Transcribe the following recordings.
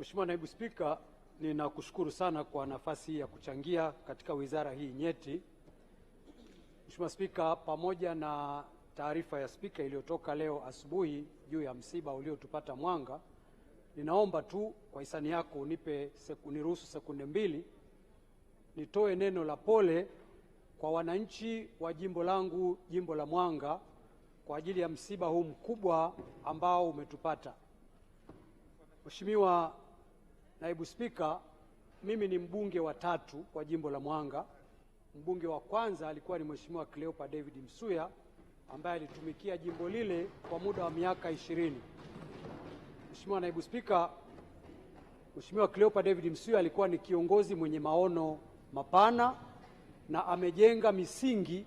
Mheshimiwa Naibu Spika, ninakushukuru sana kwa nafasi ya kuchangia katika wizara hii nyeti. Mheshimiwa Spika, pamoja na taarifa ya spika iliyotoka leo asubuhi juu ya msiba uliotupata Mwanga, ninaomba tu kwa hisani yako unipe seku, niruhusu sekunde mbili nitoe neno la pole kwa wananchi wa jimbo langu, jimbo la Mwanga, kwa ajili ya msiba huu mkubwa ambao umetupata. Mheshimiwa Naibu Spika, mimi ni mbunge wa tatu kwa jimbo la Mwanga. Mbunge wa kwanza alikuwa ni Mheshimiwa Cleopa David Msuya ambaye alitumikia jimbo lile kwa muda wa miaka ishirini. Mheshimiwa Naibu Spika, Mheshimiwa Cleopa David Msuya alikuwa ni kiongozi mwenye maono mapana na amejenga misingi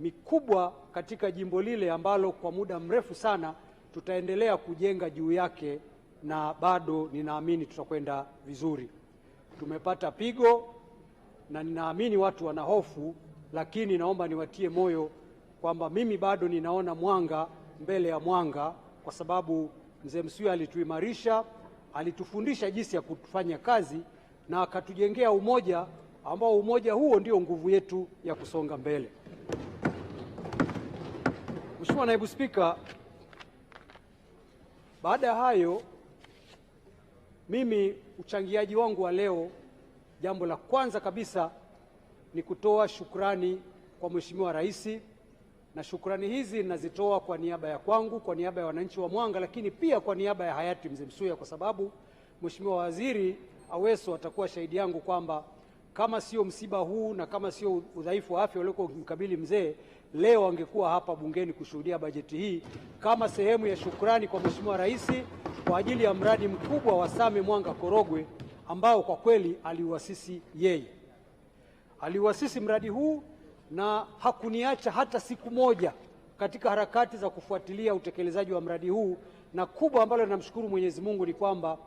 mikubwa katika jimbo lile ambalo kwa muda mrefu sana tutaendelea kujenga juu yake na bado ninaamini tutakwenda vizuri. Tumepata pigo na ninaamini watu wana hofu, lakini naomba niwatie moyo kwamba mimi bado ninaona mwanga mbele ya mwanga, kwa sababu Mzee Msuya alituimarisha, alitufundisha jinsi ya kufanya kazi na akatujengea umoja ambao umoja huo ndio nguvu yetu ya kusonga mbele. Mheshimiwa Naibu Spika, baada ya hayo mimi uchangiaji wangu wa leo, jambo la kwanza kabisa ni kutoa shukrani kwa Mheshimiwa Rais, na shukrani hizi nazitoa kwa niaba ya kwangu, kwa niaba ya wananchi wa Mwanga, lakini pia kwa niaba ya hayati Mzee Msuya, kwa sababu Mheshimiwa Waziri Aweso atakuwa shahidi yangu kwamba kama sio msiba huu na kama sio udhaifu wa afya uliokuwa ukimkabili mzee, leo angekuwa hapa bungeni kushuhudia bajeti hii kama sehemu ya shukrani kwa Mheshimiwa Rais kwa ajili ya mradi mkubwa wa Same Mwanga Korogwe ambao kwa kweli aliuasisi yeye. Aliuasisi mradi huu na hakuniacha hata siku moja katika harakati za kufuatilia utekelezaji wa mradi huu, na kubwa ambalo namshukuru Mwenyezi Mungu ni kwamba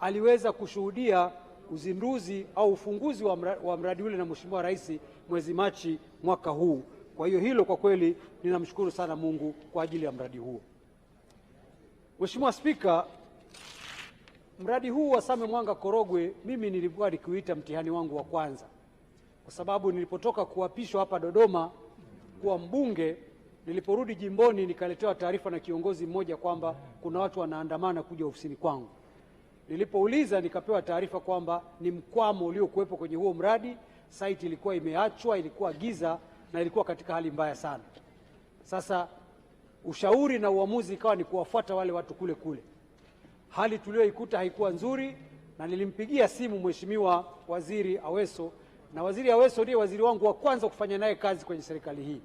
aliweza kushuhudia uzinduzi au ufunguzi wa, mradi ule na Mheshimiwa Rais mwezi Machi mwaka huu. Kwa hiyo hilo kwa kweli ninamshukuru sana Mungu kwa ajili ya mradi huo. Mheshimiwa Spika, Mradi huu wa Same Mwanga Korogwe, mimi nilikuwa nikiuita mtihani wangu wa kwanza, kwa sababu nilipotoka kuapishwa hapa Dodoma kuwa mbunge, niliporudi jimboni nikaletewa taarifa na kiongozi mmoja kwamba kuna watu wanaandamana kuja ofisini kwangu. Nilipouliza nikapewa taarifa kwamba ni mkwamo uliokuwepo kwenye huo mradi, site ilikuwa imeachwa, ilikuwa giza na ilikuwa katika hali mbaya sana. Sasa ushauri na uamuzi ikawa ni kuwafuata wale watu kule kule hali tuliyoikuta haikuwa nzuri, na nilimpigia simu Mheshimiwa Waziri Aweso, na Waziri Aweso ndiye waziri wangu wa kwanza kufanya naye kazi kwenye serikali hii,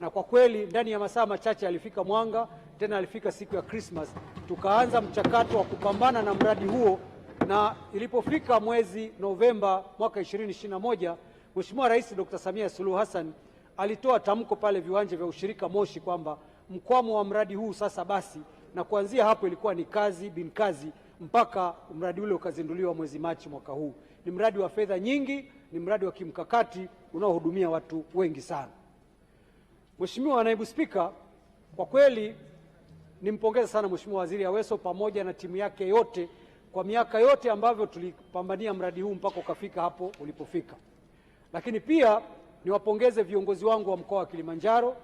na kwa kweli ndani ya masaa machache alifika Mwanga, tena alifika siku ya Christmas, tukaanza mchakato wa kupambana na mradi huo, na ilipofika mwezi Novemba mwaka 2021 Mheshimiwa Rais Dr. Samia Suluhu Hassan alitoa tamko pale viwanja vya ushirika Moshi kwamba mkwamo wa mradi huu sasa basi na kuanzia hapo ilikuwa ni kazi bin kazi mpaka mradi ule ukazinduliwa mwezi Machi mwaka huu. Ni mradi wa fedha nyingi, ni mradi wa kimkakati unaohudumia watu wengi sana. Mheshimiwa Naibu Spika, kwa kweli nimpongeza sana Mheshimiwa Waziri Aweso pamoja na timu yake yote kwa miaka yote ambavyo tulipambania mradi huu mpaka ukafika hapo ulipofika. Lakini pia niwapongeze viongozi wangu wa mkoa wa Kilimanjaro,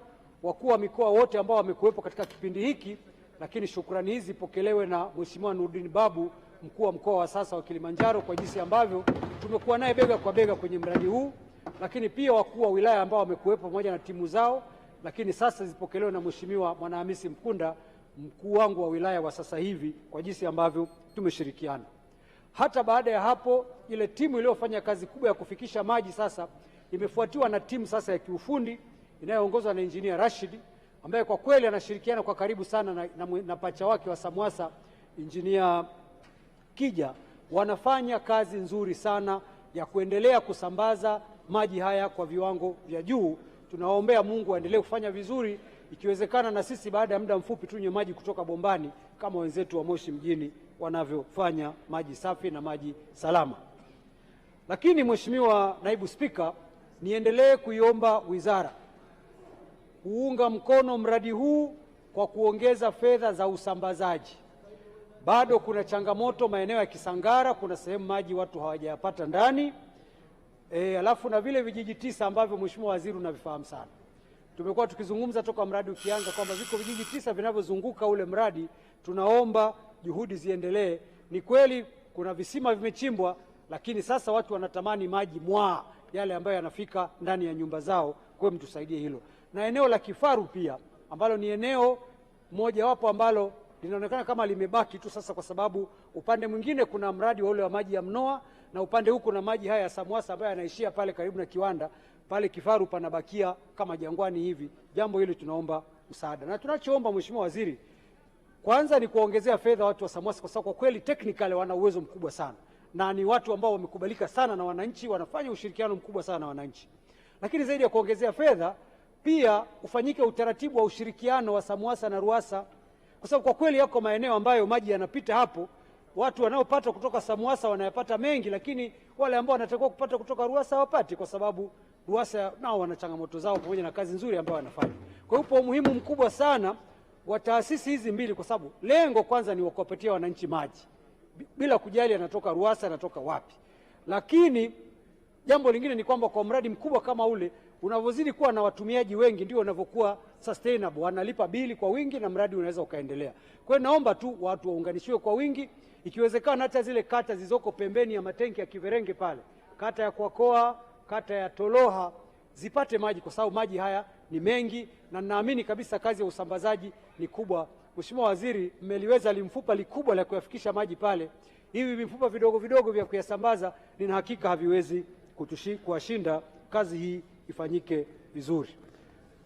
wakuu wa mikoa wote ambao wamekuwepo katika kipindi hiki lakini shukrani hizi zipokelewe na Mheshimiwa Nurdin Babu, mkuu wa mkoa wa sasa wa Kilimanjaro, kwa jinsi ambavyo tumekuwa naye bega kwa bega kwenye mradi huu, lakini pia wakuu wa wilaya ambao wamekuwepo pamoja na timu zao, lakini sasa zipokelewe na Mheshimiwa Mwanahamisi Mkunda, mkuu wangu wa wilaya wa sasa hivi, kwa jinsi ambavyo tumeshirikiana. Hata baada ya hapo, ile timu iliyofanya kazi kubwa ya kufikisha maji sasa imefuatiwa na timu sasa ya kiufundi inayoongozwa na Injinia Rashid ambaye kwa kweli anashirikiana kwa karibu sana na, na, na pacha wake wa Samwasa Injinia Kija, wanafanya kazi nzuri sana ya kuendelea kusambaza maji haya kwa viwango vya juu. Tunawaombea Mungu aendelee kufanya vizuri, ikiwezekana na sisi baada ya muda mfupi tunywe maji kutoka bombani kama wenzetu wa Moshi mjini wanavyofanya maji safi na maji salama. Lakini Mheshimiwa Naibu Spika, niendelee kuiomba wizara kuunga mkono mradi huu kwa kuongeza fedha za usambazaji. Bado kuna changamoto maeneo ya Kisangara, kuna sehemu maji watu hawajayapata ndani e, alafu na vile vijiji tisa ambavyo Mheshimiwa Waziri unavifahamu sana. Tumekuwa tukizungumza toka mradi ukianza kwamba viko vijiji tisa vinavyozunguka ule mradi, tunaomba juhudi ziendelee. Ni kweli kuna visima vimechimbwa, lakini sasa watu wanatamani maji mwaa yale ambayo yanafika ndani ya nyumba zao. Kwa mtusaidie hilo na eneo la Kifaru pia ambalo ni eneo mojawapo ambalo linaonekana kama limebaki tu sasa, kwa sababu upande mwingine kuna mradi wa ule wa maji ya Mnoa na upande huu kuna maji haya ya Samwasa ambayo yanaishia pale karibu na kiwanda pale. Kifaru panabakia kama jangwani hivi. Jambo hili tunaomba msaada, na tunachoomba Mheshimiwa Waziri kwanza ni kuongezea fedha watu wa Samwasa, kwa sababu kwa kweli technically wana uwezo mkubwa sana na ni watu ambao wamekubalika sana na wananchi, wanafanya ushirikiano mkubwa sana na wananchi, lakini zaidi ya kuongezea fedha pia ufanyike utaratibu wa ushirikiano wa SAMUASA na RUWASA kwa sababu kwa kweli yako maeneo ambayo maji yanapita hapo, watu wanaopata kutoka SAMUASA wanayapata mengi, lakini wale ambao wanatakiwa kupata kutoka RUWASA hawapati, kwa sababu RUWASA nao wana changamoto zao pamoja na kazi nzuri ambayo wanafanya. Kwa hiyo upo umuhimu mkubwa sana wa taasisi hizi mbili, kwa sababu lengo kwanza ni wakuwapatia wananchi maji bila kujali anatoka RUWASA anatoka wapi, lakini Jambo lingine ni kwamba kwa mradi mkubwa kama ule, unavyozidi kuwa na watumiaji wengi ndio unavyokuwa sustainable, wanalipa bili kwa wingi na mradi unaweza ukaendelea. Kwa hiyo naomba tu watu waunganishiwe kwa wingi, ikiwezekana hata zile kata zilizoko pembeni ya matenki ya Kiverenge pale, kata ya Kwakoa, kata ya Toloha zipate maji kwa sababu maji haya ni mengi, na naamini kabisa kazi ya usambazaji ni kubwa. Mheshimiwa Waziri, mmeliweza limfupa likubwa la kuyafikisha maji pale. Hivi vifupa vidogo vidogo vya kuyasambaza nina hakika haviwezi kuwashinda, kazi hii ifanyike vizuri.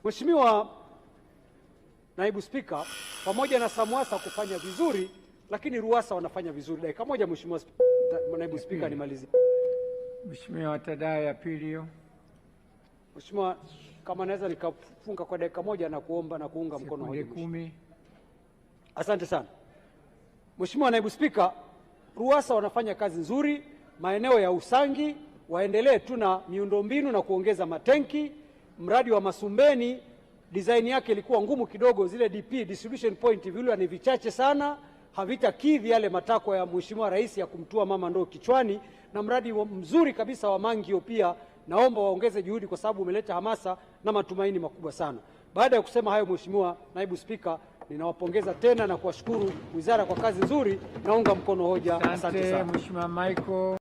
Mheshimiwa Naibu Spika, pamoja na SAMWASA kufanya vizuri, lakini RUWASA wanafanya vizuri. Dakika moja Mheshimiwa Naibu Spika, hmm. nimalizie. Mheshimiwa Tadaa ya pili Mheshimiwa, kama naweza nikafunga kwa dakika moja na kuomba na kuunga mkono hoja. Kumi. Asante sana Mheshimiwa Naibu Spika, RUWASA wanafanya kazi nzuri maeneo ya Usangi waendelee tu na miundombinu na kuongeza matenki. Mradi wa Masumbeni design yake ilikuwa ngumu kidogo, zile DP distribution point vile ni vichache sana, havitakidhi yale matakwa ya Mheshimiwa Rais ya kumtua mama ndoo kichwani, na mradi mzuri kabisa wa Mangio pia naomba waongeze juhudi kwa sababu umeleta hamasa na matumaini makubwa sana. Baada ya kusema hayo, Mheshimiwa Naibu Spika, ninawapongeza tena na kuwashukuru wizara kwa kazi nzuri. Naunga mkono hoja. Asante sana Mheshimiwa Michael.